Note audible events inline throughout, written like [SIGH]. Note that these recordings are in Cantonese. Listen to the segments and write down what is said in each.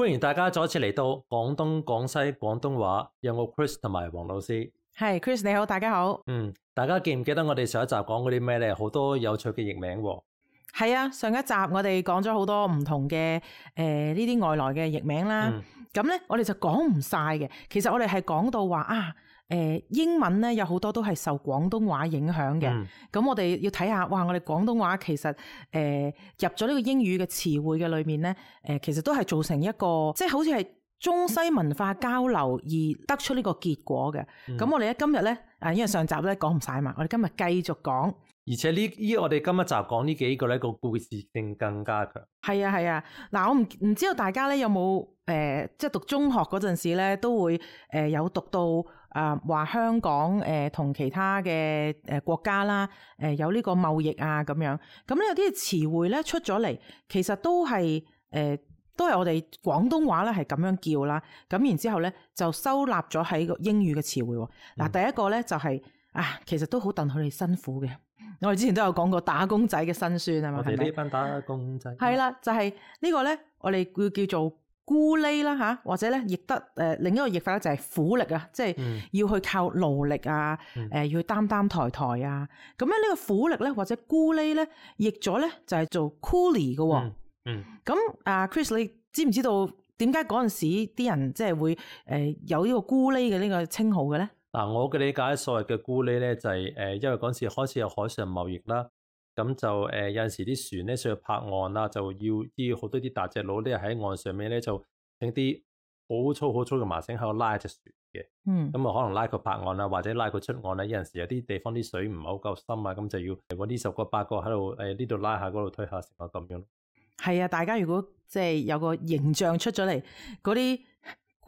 歡迎大家再一次嚟到廣東廣西廣東話，有我 Chris 同埋黃老師。係 Chris 你好，大家好。嗯，大家記唔記得我哋上一集講嗰啲咩咧？好多有趣嘅譯名，哦。係啊，上一集我哋講咗好多唔同嘅誒呢啲外來嘅譯名啦。咁咧，嗯，我哋就講唔晒嘅。其實我哋係講到話啊。誒英文咧有好多都係受廣東話影響嘅，咁、嗯、我哋要睇下，哇！我哋廣東話其實誒、呃、入咗呢個英語嘅詞彙嘅裏面咧，誒、呃、其實都係造成一個，即、就、係、是、好似係中西文化交流而得出呢個結果嘅。咁、嗯、我哋喺今日咧，啊，因為上集咧講唔晒嘛，我哋今日繼續講。而且呢，依我哋今日集講呢幾個咧，個故事性更加強。係啊係啊，嗱、啊，我唔唔知道大家咧有冇誒，即、呃、係讀中學嗰陣時咧，都會誒、呃、有讀到。啊，話、呃、香港誒同、呃、其他嘅誒國家啦，誒、呃、有呢個貿易啊咁樣，咁呢有啲詞彙咧出咗嚟，其實都係誒、呃、都係我哋廣東話咧係咁樣叫啦，咁然之後咧就收納咗喺個英語嘅詞彙喎。嗱、呃，第一個咧就係、是、啊，其實都好戥佢哋辛苦嘅。我哋之前都有講過打工仔嘅辛酸啊嘛，我哋呢班打工仔係咪啦，就係、是、呢個咧，我哋要叫做。咕喱啦嚇，或者咧亦得誒、呃、另一個譯法咧就係苦力，力啊，即係、嗯呃、要去靠勞力啊，誒要去擔擔抬抬啊，咁樣呢個苦力咧或者咕喱咧譯咗咧就係、是、做 coolie 嘅喎。嗯，咁啊，Chris 你知唔知道點解嗰陣時啲人即係會誒有呢個咕喱嘅呢個稱號嘅咧？嗱、啊，我嘅理解所謂嘅咕喱咧就係、是、誒、呃、因為嗰陣時開始有海上貿易啦。咁就誒、呃，有陣時啲船咧上去泊岸啦、啊，就要依好多啲大隻佬咧喺岸上面咧就整啲好粗好粗嘅麻繩喺度拉隻船嘅。嗯，咁啊可能拉佢泊岸啦、啊，或者拉佢出岸啦、啊。有陣時有啲地方啲水唔係好夠深啊，咁就要如果呢十個八個喺度誒呢度拉下嗰度推下咁樣。係啊，大家如果即係、就是、有個形象出咗嚟，嗰啲。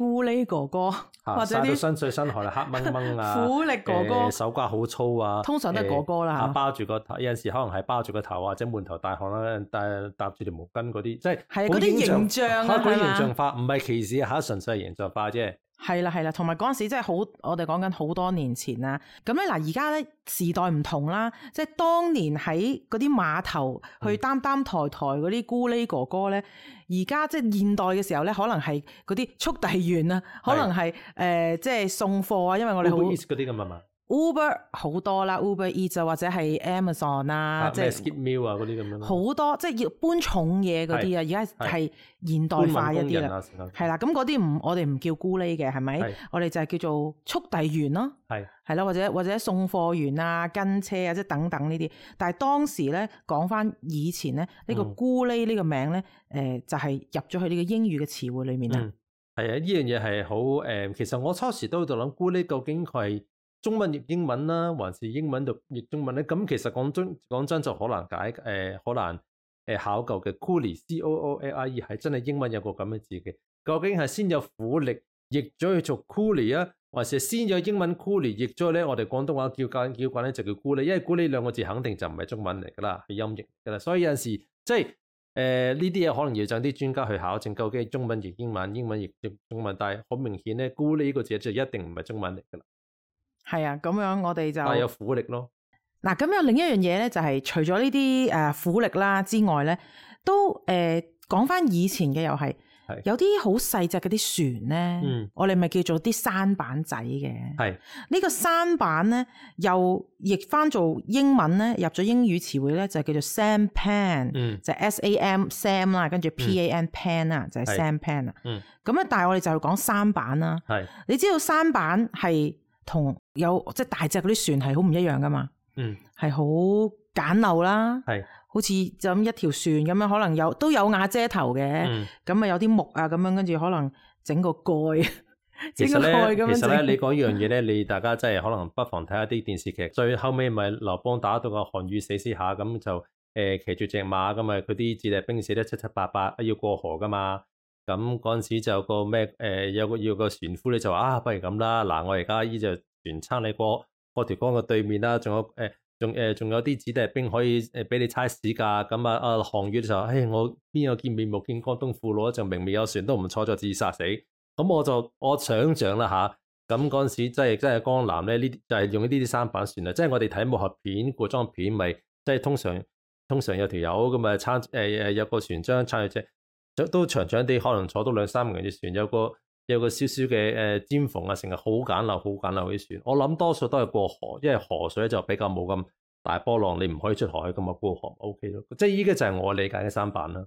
苦力哥哥，或者啲身水身汗啦，黑掹掹啊！苦力哥哥手瓜好粗啊，通常都係哥哥啦吓、呃，包住個頭，有陣時可能係包住個頭或者滿頭大汗啦，搭住條毛巾嗰啲，即係嗰啲形象、啊，嗰啲形象化，唔係歧視吓，純粹係形象化啫。係啦，係啦，同埋嗰陣時真係好，我哋講緊好多年前啦。咁咧嗱，而家咧時代唔同啦，即係當年喺嗰啲碼頭去擔擔抬抬嗰啲姑 l 哥哥咧，而家即係現代嘅時候咧，可能係嗰啲速遞員啊，可能係誒即係送貨啊，因為我哋好嗰啲咁啊嘛。會 Uber 好多啦，Uber e 就或者係 Amazon 啊，或者 Skip Meal 啊嗰啲咁樣。好多即係要搬重嘢嗰啲啊，而家係現代化一啲啦。係啦，咁嗰啲唔我哋唔叫咕 h 嘅，係咪？我哋就係叫做速遞員咯，係係啦，或者或者送貨員啊、跟車啊，即係等等呢啲。但係當時咧，講翻以前咧，呢、這個咕 h 呢個名咧，誒、嗯呃、就係、是、入咗去呢個英語嘅詞彙裏面啦。係啊、嗯，呢樣嘢係好誒，其實我初時都喺度諗咕 h 究竟係。中文譯英文啦、啊，還是英文讀譯中文咧？咁其實講真講真就好難解，誒、呃，好難誒考究嘅 Coolie C O O L I 係、e, 真係英文有個咁嘅字嘅。究竟係先有苦力譯咗去做 Coolie 啊，還是先有英文 Coolie 譯咗咧？我哋廣東話叫叫慣咧就叫 Coolie，因為 Coolie 兩個字肯定就唔係中文嚟㗎啦，係音譯㗎啦。所以有陣時即係誒呢啲嘢可能要找啲專家去考證。究竟中文譯英文，英文譯中中文，但係好明顯咧，Coolie 呢 cool 個字就一定唔係中文嚟㗎啦。係啊，咁樣我哋就有苦力咯。嗱，咁有另一樣嘢咧，就係除咗呢啲誒苦力啦之外咧，都誒講翻以前嘅又係，有啲好細隻嗰啲船咧，我哋咪叫做啲舢板仔嘅。係呢個舢板咧，又譯翻做英文咧，入咗英語詞彙咧就叫做 sam pan，就 s a m sam 啦，跟住 p a n pan 啊，就係 sam pan 啊。嗯，咁啊，但係我哋就講三板啦。係，你知道三板係。同有即係大隻嗰啲船係好唔一樣噶嘛，係好簡陋啦，係好似就咁一條船咁樣，可能有都有瓦遮頭嘅，咁啊有啲木啊咁樣，跟住可能整個蓋，整個蓋咁樣。其實咧，你講呢樣嘢咧，你大家真係可能不妨睇下啲電視劇，最後尾咪劉邦打到個項羽死屍下，咁就誒騎住隻馬，咁啊佢啲子弟兵死得七七八八，要過河噶嘛。咁嗰陣時就有個咩誒、呃，有個船夫咧就話啊，不如咁啦，嗱、啊、我而家呢隻船撐你過過條江嘅對面啦，仲有誒，仲、呃、誒有啲子弟兵可以誒俾你差使噶，咁啊啊項羽就話，唉、哎，我邊有見面目見江東父老，就明明有船都唔坐就自殺死，咁、嗯、我就我想象啦吓，咁嗰陣時即、就是、真係江南呢這些就係、是、用呢啲三板船啦，即係我哋睇武俠片古裝片咪、就是、即係通，通常有條友咁啊撐有個船槳撐佢啫。都長長地，可能坐到兩三個人啲船，有個有個少少嘅誒尖縫啊，成日好簡陋，好簡陋啲船。我諗多數都係過河，因為河水就比較冇咁大波浪，你唔可以出海咁啊。過河 O K 咯，即係依家就係我理解嘅舢板啦。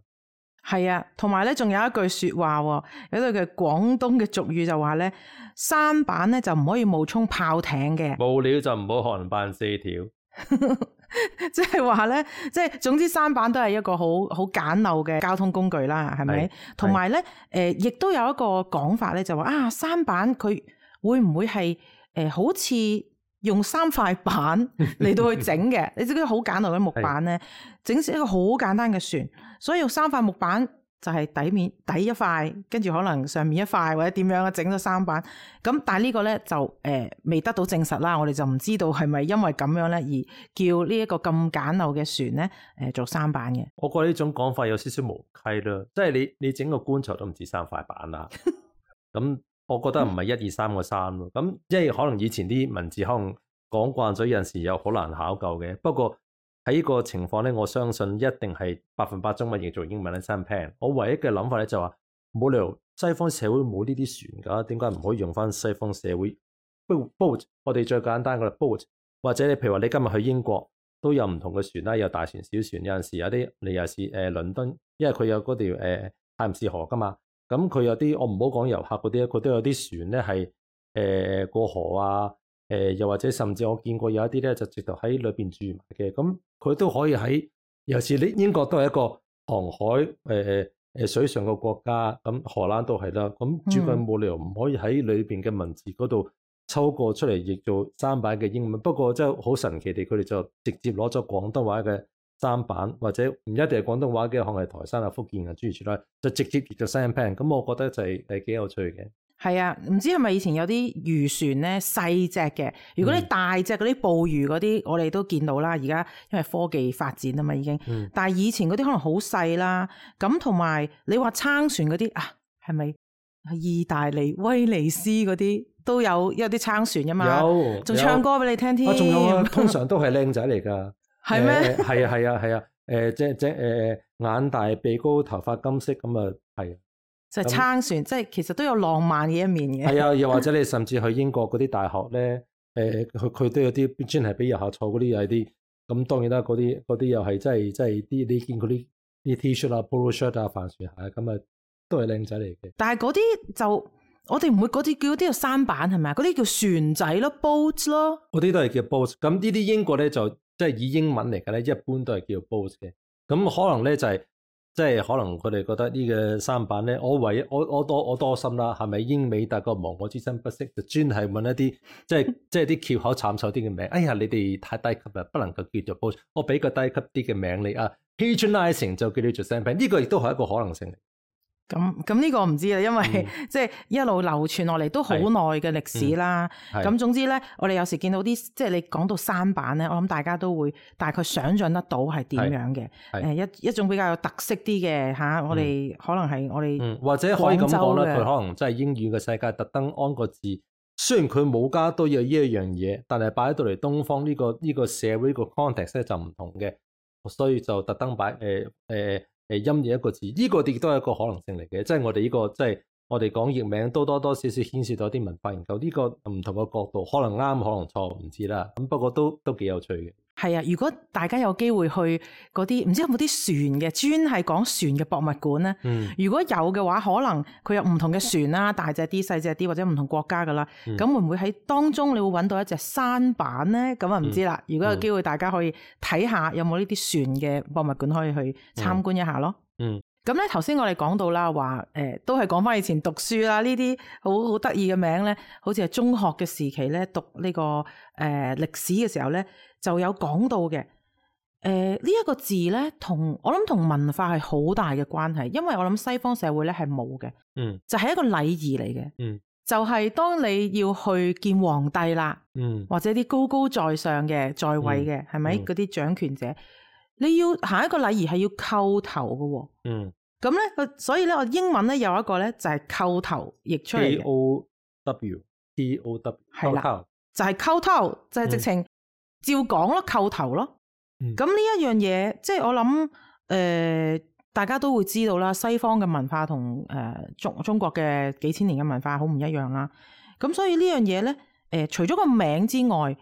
係啊，同埋呢仲有一句說話，有一句廣東嘅俗語就話呢舢板呢，就唔可以冒充炮艇嘅。冇料就唔好能扮四條。即係話咧，即係 [LAUGHS] 總之，舢板都係一個好好簡陋嘅交通工具啦，係咪？同埋咧，誒、呃，亦都有一個講法咧，就話、是、啊，舢板佢會唔會係誒、呃，好似用三塊板嚟到去整嘅？ [LAUGHS] 你知唔知好簡陋嘅木板咧，整成是一個好簡單嘅船，所以用三塊木板。就係底面底一塊，跟住可能上面一塊或者點樣啊，整咗三板咁。但係呢個咧就誒、呃、未得到證實啦，我哋就唔知道係咪因為咁樣咧而叫呢一個咁簡陋嘅船咧誒做三板嘅。我覺得呢種講法有少少無稽啦，即係你你整個棺材都唔止三塊板啦。咁 [LAUGHS] 我覺得唔係一二三個三咯。咁即係可能以前啲文字可能講慣咗，有陣時又好難考究嘅。不過喺呢個情況咧，我相信一定係百分百中文譯做英文嘅 Sampan。我唯一嘅諗法咧就話、是，冇理由西方社會冇呢啲船㗎，點解唔可以用翻西方社會 boat？我哋最簡單嘅啦，boat。Bo at，或者你譬如話，你今日去英國都有唔同嘅船啦，有大船、小船，有陣時有啲你又是誒倫敦，因為佢有嗰條誒、呃、泰晤士河㗎嘛，咁佢有啲我唔好講遊客嗰啲佢都有啲船咧係、呃、過河啊。誒，又、呃、或者甚至我見過有一啲咧，就直頭喺裏邊住嘅。咁、嗯、佢都可以喺，尤其是你英國都係一個航海誒誒誒水上嘅國家，咁、嗯、荷蘭都係啦，咁絕對冇理由唔可以喺裏邊嘅文字嗰度抽過出嚟，譯做三版嘅英文，不過真係好神奇地，佢哋就直接攞咗廣東話嘅三版，或者唔一定係廣東話嘅，可能係台山啊、福建啊諸如此類，就直接譯咗三 pen，咁、嗯、我覺得就係係幾有趣嘅。係啊，唔知係咪以前有啲漁船咧細隻嘅？如果你大隻嗰啲捕魚嗰啲，嗯、我哋都見到啦。而家因為科技發展啊嘛，已經。但係以前嗰啲可能好細啦。咁同埋你話撐船嗰啲啊，係咪意大利威尼斯嗰啲都有一啲撐船吖嘛？有。仲唱歌俾你聽添。啊，仲有啊，通常都係靚仔嚟㗎。係咩 [LAUGHS] 是嗎？係啊係啊係啊！誒、啊，隻隻誒眼大鼻高，頭髮金色咁啊，係。就撐船，嗯、即係其實都有浪漫嘅一面嘅。係啊，又或者你甚至去英國嗰啲大學咧，誒、 [LAUGHS] 呃，佢佢都有啲專係俾遊客坐嗰啲又係啲，咁當然啦，嗰啲啲又係真係即係啲，你見佢啲啲 T-shirt 啊、polo shirt 啊、帆船鞋啊，咁啊都係靚仔嚟嘅。但係嗰啲就我哋唔會嗰啲叫嗰啲叫舢板係咪？嗰啲叫船仔咯，boats 咯。嗰啲都係叫 boats。咁呢啲英國咧就即係以英文嚟嘅，咧，一般都係叫 boats 嘅。咁可能咧就係、是。即係可能佢哋覺得呢個三板咧，我唯一我我多我多心啦，係咪英美大國亡我之心不息，就專係問一啲即係即係啲缺口慘瘦啲嘅名？哎呀，你哋太低級啦，不能夠叫做報。我俾個低級啲嘅名你啊，patronizing 就叫你做 sampan，呢個亦都係一個可能性。咁咁呢個我唔知啦，因為、嗯、即係一路流傳落嚟都好耐嘅歷史啦。咁、嗯、總之咧，我哋有時見到啲即係你講到三版咧，我諗大家都會大概想像得到係點樣嘅。誒、呃、一一種比較有特色啲嘅嚇，我哋、嗯、可能係我哋、嗯、或者可以咁講咧，佢可能真係英語嘅世界特登安個字。雖然佢冇加多嘢呢一樣嘢，但係擺到嚟東方呢、呢個呢、呢個社會個 context 咧就唔同嘅，所以就特登擺誒誒。呃呃呃誒，音譯一個字，呢、這個亦都係一個可能性嚟嘅，即係我哋呢、這個，即、就、係、是、我哋講譯名，多多多少少牽涉到一啲文化研究，呢、這個唔同嘅角度，可能啱，可能錯，唔知啦。不過都都幾有趣嘅。係啊，如果大家有機會去嗰啲，唔知有冇啲船嘅，專係講船嘅博物館咧。嗯、如果有嘅話，可能佢有唔同嘅船啦，大隻啲、細隻啲，或者唔同國家噶啦。咁、嗯、會唔會喺當中你會搵到一隻舢板咧？咁啊唔知啦。嗯、如果有機會，大家可以睇下有冇呢啲船嘅博物館可以去參觀一下咯。嗯。嗯咁咧，頭先我哋講到啦，話誒、呃、都係講翻以前讀書啦，呢啲好好得意嘅名咧，好似係中學嘅時期咧，讀呢、這個誒歷、呃、史嘅時候咧，就有講到嘅。誒呢一個字咧，同我諗同文化係好大嘅關係，因為我諗西方社會咧係冇嘅，嗯，就係一個禮儀嚟嘅，嗯，就係當你要去見皇帝啦，嗯，或者啲高高在上嘅在位嘅，係咪嗰啲掌權者？你要行一個禮儀係要叩頭嘅喎、哦，嗯，咁咧，所以咧，我英文咧有一個咧就係叩頭譯出嚟 K O W T O W 係啦，就係的叩頭，就係、嗯、直情照講咯，叩頭咯。咁呢一樣嘢，即、就、係、是、我諗，誒、呃，大家都會知道啦，西方嘅文化同誒中中國嘅幾千年嘅文化好唔一樣啦、啊。咁所以樣呢樣嘢咧，誒、呃，除咗個名之外，誒、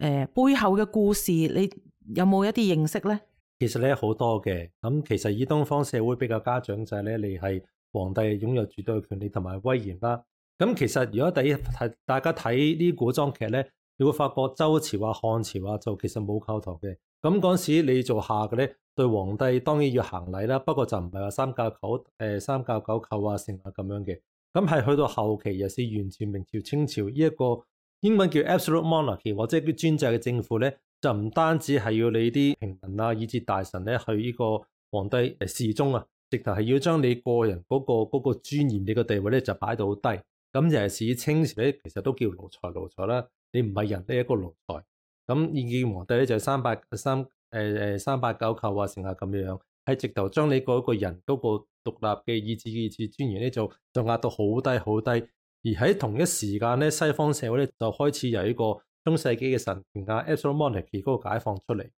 呃，背後嘅故事你有冇一啲認識咧？其實咧好多嘅，咁其實以東方社會比較家長制咧，就是、你係皇帝擁有絕對權利同埋威嚴啦。咁其實如果第一睇大家睇呢古裝劇咧，你會發覺周朝啊、漢朝啊就其實冇叩頭嘅。咁嗰時你做下嘅咧，對皇帝當然要行禮啦。不過就唔係話三教九誒，三叩九叩啊成啊咁樣嘅。咁係去到後期，尤其是完全明朝、清朝呢一、這個英文叫 absolute monarchy 或者啲專制嘅政府咧。就唔單止係要你啲平民啊，以至大臣呢去呢個皇帝侍中、呃、啊，直頭係要將你個人嗰、那個嗰、那個尊嚴、你個地位呢就擺到好低。咁尤其清朝呢，其實都叫奴才奴才啦，你唔係人呢一個奴才。咁見皇帝呢，就係、是、三百三誒誒、呃、三百九叩啊，成下咁樣，係直頭將你嗰個人嗰個獨立嘅意志、意志尊嚴咧，就就壓到好低好低。而喺同一時間呢，西方社會呢，就開始有一個。中世紀嘅神阿 absolute monarchy，嗰個解放出嚟，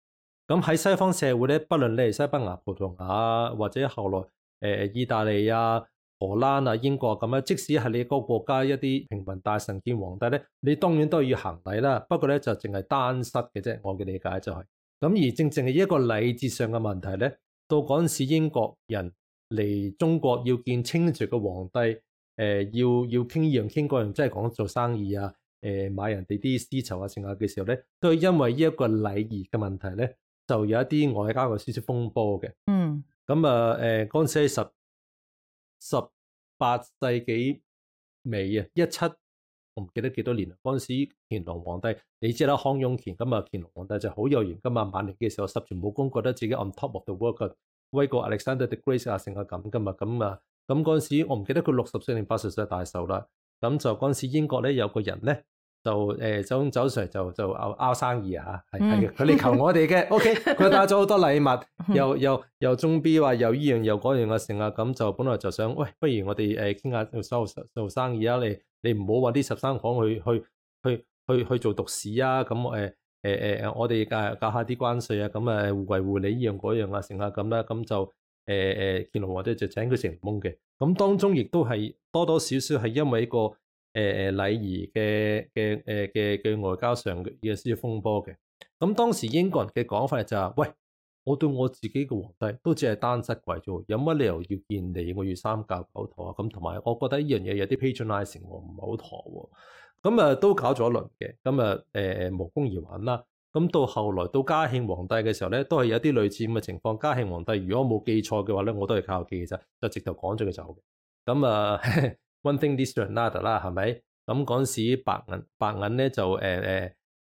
咁喺西方社會咧，不論你係西班牙、葡萄牙或者後來誒、呃、意大利啊、荷蘭啊、英國咁樣，即使係你個國家一啲平民大臣見皇帝咧，你當然都要行禮啦。不過咧就淨係單失嘅啫，我嘅理解就係、是、咁。而正正係一個禮節上嘅問題咧，到嗰陣時英國人嚟中國要見清朝嘅皇帝，誒、呃、要要傾呢樣傾嗰樣，即係講做生意啊。誒，買人哋啲絲綢啊，成啊嘅時候咧，都因為呢一個禮儀嘅問題咧，就有一啲外交嘅小小風波嘅。嗯，咁啊，誒、呃，嗰陣時十十八世紀尾啊，一七，我唔記得幾多年啦，嗰陣時乾隆皇帝，你知啦，康雍乾，咁啊，乾隆皇帝就好有型，咁啊，晚年嘅時候，十全武功覺得自己 on top of the world 嘅，威過 Alexander the Great 啊，成啊咁，咁啊，咁嗰陣時我唔記得佢六十歲定八十歲大壽啦。咁就嗰陣時，英國咧有個人咧，就誒，走走上嚟就就拗拗生意啊，係係佢嚟求我哋嘅，OK，佢帶咗好多禮物，又又又中 B 話又呢樣又嗰樣啊，成啊，咁就本來就想，喂，不如我哋誒，傾下做做生意啊，你你唔好話啲十三行去去去去去做獨市啊，咁誒誒誒，我哋誒教下啲關稅啊，咁啊，互惠互利呢樣嗰樣啊，成啊，咁啦，咁就。誒誒，乾隆皇帝就請佢食檸檬嘅，咁當中亦都係多多少少係因為一個誒禮儀嘅嘅誒嘅嘅外交上嘅一啲風波嘅，咁當時英國人嘅講法就係、是、喂，我對我自己嘅皇帝都只係單膝跪咗，有乜理由要見你我要三跪九叩啊？咁同埋我覺得呢樣嘢有啲 patronising，我唔係好妥，咁啊都搞咗一輪嘅，咁啊誒、呃、無功而還啦。咁到後來到嘉慶皇帝嘅時候咧，都係有啲類似咁嘅情況。嘉慶皇帝如果我冇記錯嘅話咧，我都係靠記嘅啫，就直頭趕咗佢走。咁啊 [LAUGHS] ，one thing different another 啦，係咪？咁講起白銀，白銀呢，就誒誒誒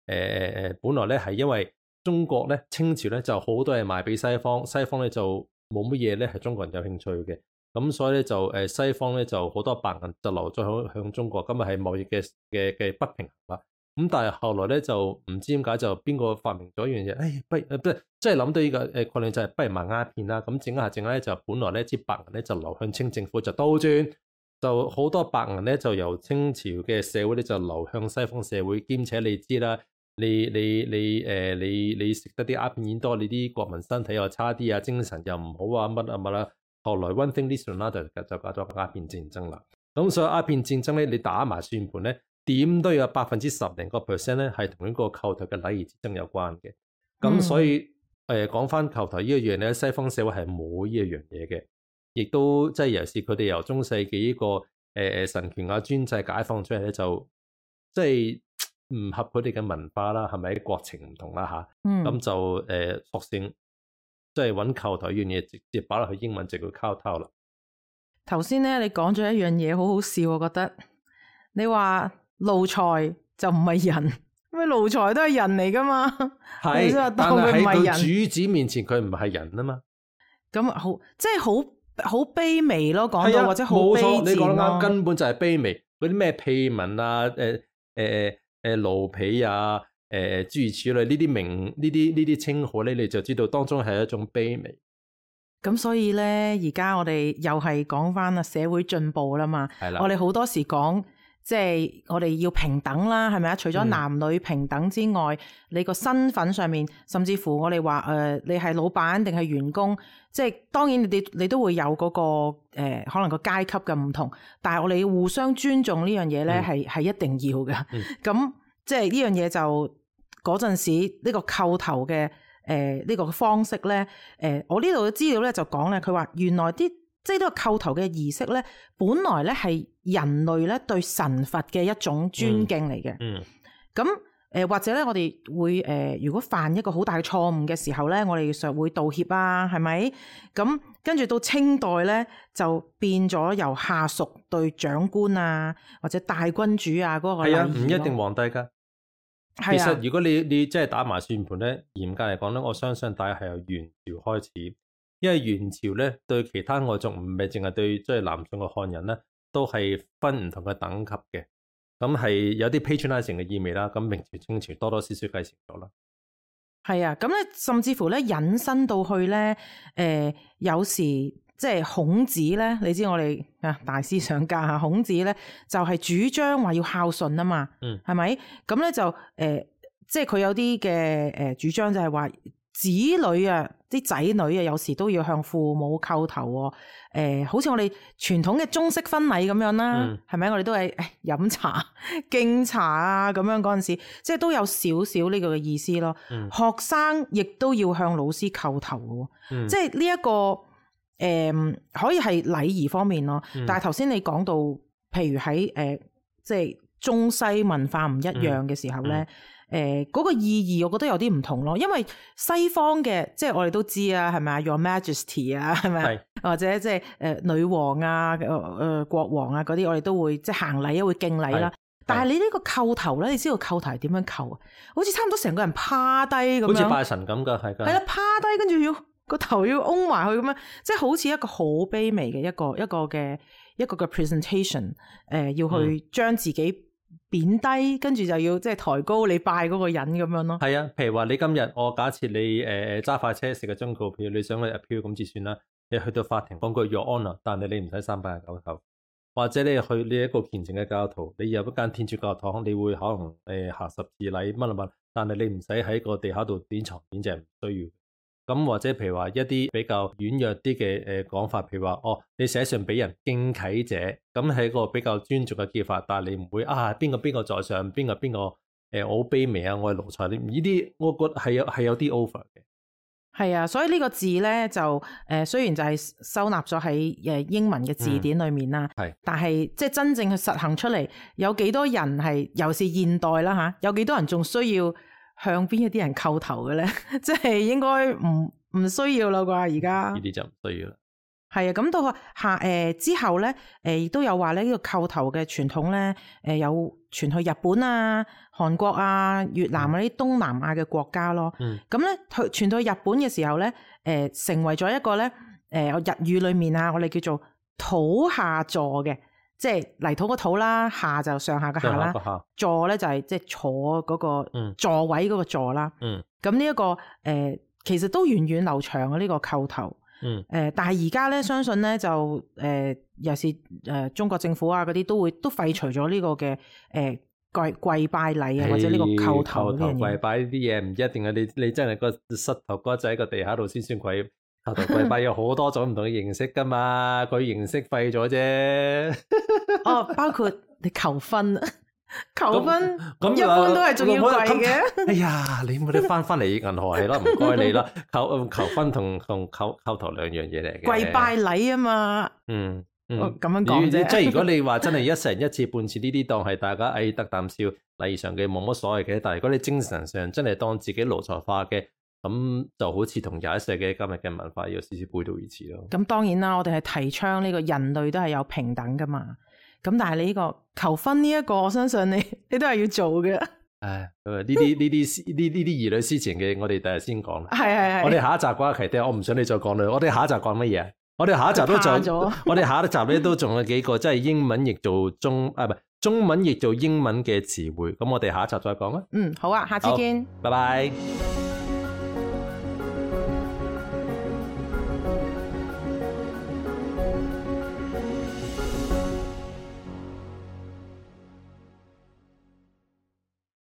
誒本來呢係因為中國呢，清朝呢，就好多嘢賣俾西方，西方呢就冇乜嘢咧係中國人有興趣嘅，咁所以呢，就誒西方呢，就好多白銀就流咗向中國，今日係貿易嘅嘅嘅不平衡嗯、但係後來呢，就唔知點解就邊個發明咗一樣嘢？誒、哎，不如誒，即係諗到依、呢個概念、呃、就係不如賣鴉片啦。咁、嗯、整下整下咧，就本來咧啲白銀咧就流向清政府就倒轉，就好多白銀呢，就由清朝嘅社會咧就流向西方社會。兼且你知啦，你你你、呃、你你食得啲鴉片煙多，你啲國民身體又差啲啊，精神又唔好啊，乜啊乜啦。後來 One thing i s one 就搞咗鴉片戰爭啦。咁所以鴉片戰爭咧，你打埋算盤咧。點都有百分之十零個 percent 咧，係同呢個叩頭嘅禮儀之爭有關嘅。咁所以誒講翻叩頭呢一樣，你喺西方社會係冇呢一樣嘢嘅，亦都即係尤其是佢哋由中世紀呢、這個誒誒、呃、神權啊專制解放出嚟咧，就即係唔合佢哋嘅文化啦，係咪國情唔同啦吓。咁、啊嗯、就誒、呃、索性即係揾叩頭呢樣嘢直接擺落去英文詞嘅溝通啦。頭先咧，你講咗一樣嘢，好好笑，我覺得你話。奴才就唔係人，咩奴才都係人嚟噶嘛？係， [LAUGHS] 但係喺佢主子面前，佢唔係人啊嘛。咁好，即係好好卑微咯。講到或者好，冇錯，你講得啱，根本就係卑微。嗰啲咩屁民啊，誒誒誒奴婢啊，誒、呃、啊呃、諸如此類呢啲名呢啲呢啲稱號咧，你就知道當中係一種卑微。咁所以咧，而家我哋又係講翻啊，社會進步啦嘛。係啦，我哋好多時講。即係我哋要平等啦，係咪啊？除咗男女平等之外，嗯、你個身份上面，甚至乎我哋話誒，你係老闆定係員工，即、就、係、是、當然你你你都會有嗰、那個、呃、可能個階級嘅唔同。但係我哋要互相尊重呢樣嘢咧，係係、嗯、一定要嘅。咁即係呢樣嘢就嗰、是、陣時呢個叩頭嘅誒呢個方式咧誒、呃，我呢度嘅資料咧就講咧，佢話原來啲。即係呢個叩頭嘅儀式咧，本來咧係人類咧對神佛嘅一種尊敬嚟嘅、嗯。嗯。咁誒、呃，或者咧，我哋會誒，如果犯一個好大嘅錯誤嘅時候咧，我哋常會道歉啊，係咪？咁跟住到清代咧，就變咗由下屬對長官啊，或者大君主啊嗰、那個係啊，唔一定皇帝㗎。其實如果你你即係打埋算盤咧，嚴格嚟講咧，我相信大約係由元朝開始。因為元朝咧對其他外族唔係淨係對即係南宋嘅漢人咧，都係分唔同嘅等級嘅，咁係有啲 patronizing 嘅意味啦。咁明朝、清朝多多少少繼承咗啦。係啊，咁咧甚至乎咧引申到去咧，誒、呃、有時即係孔子咧，你知我哋啊大思想家孔子咧就係、是、主張話要孝順啊嘛，嗯，係咪？咁咧就誒、呃、即係佢有啲嘅誒主張就係話。子女啊，啲仔女啊，有時都要向父母叩頭、啊。誒、呃，好似我哋傳統嘅中式婚禮咁樣啦、啊，係咪、嗯？我哋都係飲茶敬茶啊，咁樣嗰陣時，即係都有少少呢個嘅意思咯。嗯、學生亦都要向老師叩頭嘅、啊，嗯、即係呢一個誒、呃，可以係禮儀方面咯。嗯、但係頭先你講到，譬如喺誒、呃，即係中西文化唔一樣嘅時候咧。嗯嗯嗯誒嗰、呃那個意義，我覺得有啲唔同咯，因為西方嘅即係我哋都知啊，係咪啊，Your Majesty 啊，係咪是？或者即係誒、呃、女王啊，誒、呃、誒國王啊嗰啲，我哋都會即係行禮啊，會敬禮啦。是但係你呢個叩頭咧，你知道叩頭係點樣叩？好似差唔多成個人趴低咁樣，好似拜神咁㗎，係㗎。係啦，趴低跟住要個頭要拱埋去咁樣，即係好似一個好卑微嘅一個一個嘅一個嘅 presentation、呃。誒，要去將自己、嗯。貶低，跟住就要即係抬高你拜嗰個人咁樣咯。係啊，譬如話你今日，我假設你誒誒揸快車食個鐘告票，譬如你想去入票咁就算啦。你去到法庭講句若安啦，Honor，但係你唔使三拜九叩。或者你去呢一個虔誠嘅教徒，你入一間天主教堂，你會可能誒行十字禮乜啦乜，但係你唔使喺個地下度點床點正，唔需要。咁或者譬如話一啲比較軟弱啲嘅講法，譬如話哦，你寫信俾人敬啟者，咁係一個比較尊崇嘅叫法，但係你唔會啊邊個邊個在上，邊個邊個誒好卑微啊，我係奴才啲呢啲，我覺得係有係有啲 over 嘅。係啊，所以呢個字呢，就誒、呃、雖然就係收納咗喺英文嘅字典裏面啦，嗯、是但係即、就是、真正去實行出嚟，有幾多人係尤其是現代啦、啊、有幾多人仲需要？向邊一啲人叩頭嘅咧？ [LAUGHS] 即係應該唔唔需要啦啩？而家呢啲就唔需要啦。係啊，咁到下誒、呃、之後咧，誒、呃、亦都有話咧呢個叩頭嘅傳統咧，誒、呃、有傳去日本啊、韓國啊、越南啊啲東南亞嘅國家咯。嗯，咁咧傳傳到日本嘅時候咧，誒、呃、成為咗一個咧誒、呃、日語裡面啊，我哋叫做土下座嘅。即係泥土個土啦，下就上下個下啦，下下座坐咧就係即係坐嗰個座位嗰、嗯嗯這個座啦。咁呢一個誒，其實都源遠,遠流長嘅呢、這個叩頭。誒、嗯呃，但係而家咧，相信咧就誒，又、呃、是誒，中國政府啊嗰啲都會都廢除咗呢個嘅誒跪跪拜禮啊，或者呢個叩頭呢啲嘢。跪嘿頭拜呢啲嘢唔一定嘅，你你真係個膝頭哥就喺個地下度先算跪。叩頭跪拜有好多種唔同嘅形式噶嘛，佢形式廢咗啫。 [LAUGHS] 哦，包括你求婚啊，求婚咁 [LAUGHS] 那一般都係仲要跪嘅。哎呀，你冇得翻翻嚟銀行係啦，唔該 [LAUGHS] 你啦。求求婚同同叩叩頭兩樣嘢嚟嘅。跪拜禮啊嘛嗯。嗯，咁樣講你 [LAUGHS] 即係如果你話真係一成一次半次呢啲，當係大家哎得啖笑，禮上嘅冇乜所謂嘅。但係如果你精神上真係當自己奴才化嘅。咁、嗯、就好似同廿一世紀嘅今日嘅文化有少少背道而馳咯。咁當然啦，我哋係提倡呢個人類都係有平等噶嘛。咁但係你呢個求婚呢、這、一個，我相信你你都係要做嘅。唉，呢啲呢啲呢呢啲兒女私情嘅，我哋第日先講啦。係係係。我哋下一集關啟啲，我唔想你再講啦。我哋下一集講乜嘢？我哋下一集都做。怕了 [LAUGHS] 我哋下一集咧都仲有幾個，即係英文譯做中啊，唔係中文譯做英文嘅詞彙。咁我哋下一集再講啦。嗯，好啊，下次見，拜拜。